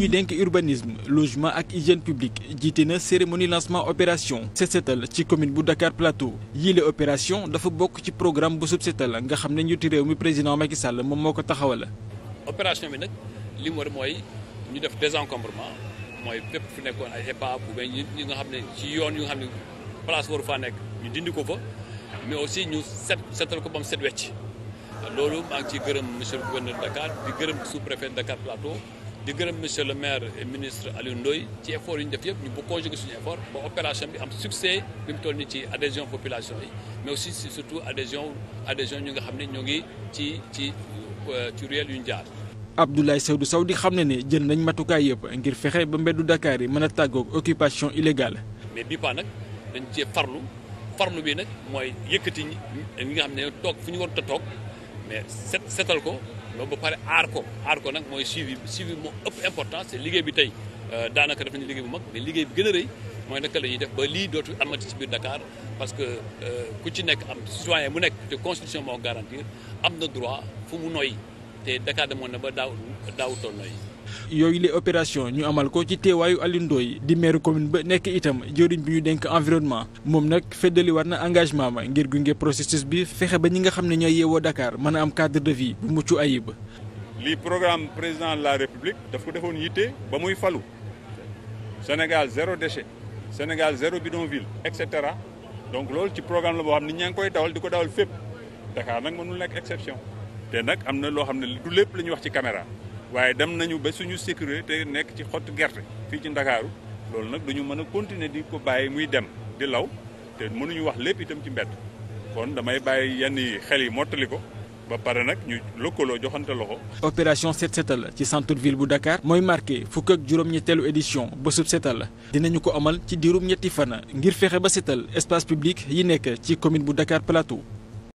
ñuy denk urbanisme logement ak hygiène publique jiite na cérémonie lancement opération set setal ci commune bu Dakar Plateau yile opération dafa bokk ci programme bu sub setal nga xam ne njiitu réew mi président Macky Sall moom moo ko taxawal. opération bi nag li mu war mooy ñu def désencombrement mooy fépp fu nekkoon ay épave ou bien ñi nga xam ne ci yoon yu nga xam ne place waru fa nekk ñu dindi ko fa mais aussi ñu set setal ko ba mu set wecc loolu maa ngi ciy gërëm monsieur le gouverneur Dakar di gërëm sous préfet di gërëm monsieur le maire et ministre Aliou Ndoye ci effort yi ñu def yëpp ñu bu conjugué suñu effort ba opération bi am succès bi mu toll ni ci adhésion population yi mais aussi surtout adhésion ñu nga xam ne ñoo ngi ci ci euh, ci réel yu ñu jaar. Abdoulaye Seydou Sow di xam ne ne jël nañ matukaay yëpp ngir fexe ba mbeddu Dakar yi mën a tàggoog occupation illégale. mais bii nag dañ cee farlu farlu bi nag mooy yëkkati ñi nga xam ne toog fu ñu war a toog mais set setal ko. loolu ba pare aar ko aar ko nag mooy suivi suivi moo ëpp importance te liggéey bi tey euh, daanaka def nañu liggéey bu liggéey bi gën a rëy mooy naka la ñuy def ba lii dootu amati ci biir Dakar parce que euh, ku ci nekk am citoyen mu nekk te constitution moo garantir am na droit fu mu noyyi te Dakar moon na ba daaw daaw tolloo yooyu les opération ñu amal ko ci teewaayu Alioune yi di maire commune ba nekk itam jëriñ bi ñu denk environnement moom nag feddali war na engagement ma ngir gunge processus bi fexe ba ñi nga xam ne ñooy yeewoo dakaar mën a am cadre de vie bu mucc ayib. lii programme président la république daf ko defoon yitte ba muy falu Sénégal zéro déchet Sénégal zéro bidonville et cetera donc loolu ci programme la boo xam ni ñaa ngi koy dawal di ko dawal fépp Dakar nag mënul nekk te nag am na loo xam ne du lépp la ñuy wax ci caméra waaye dem nañu ba suñu sécurité nekk ci xottu gerte fii ci Ndakaaru loolu nag dañu mën a continuer di ko bàyyi muy dem di law te mënuñu wax lépp itam ci mbedd kon damay bàyyi yenn yi xel yi mottali ko ba pare nag ñu lëkkaloo joxante loxo. opération set setal ci centre ville bu Dakar. mooy marqué fukk ak juróom-ñetteelu édition bésub setal dinañu ko amal ci diirum ñetti fana ngir fexe ba setal espace public yi nekk ci commune bu Dakar Plateau.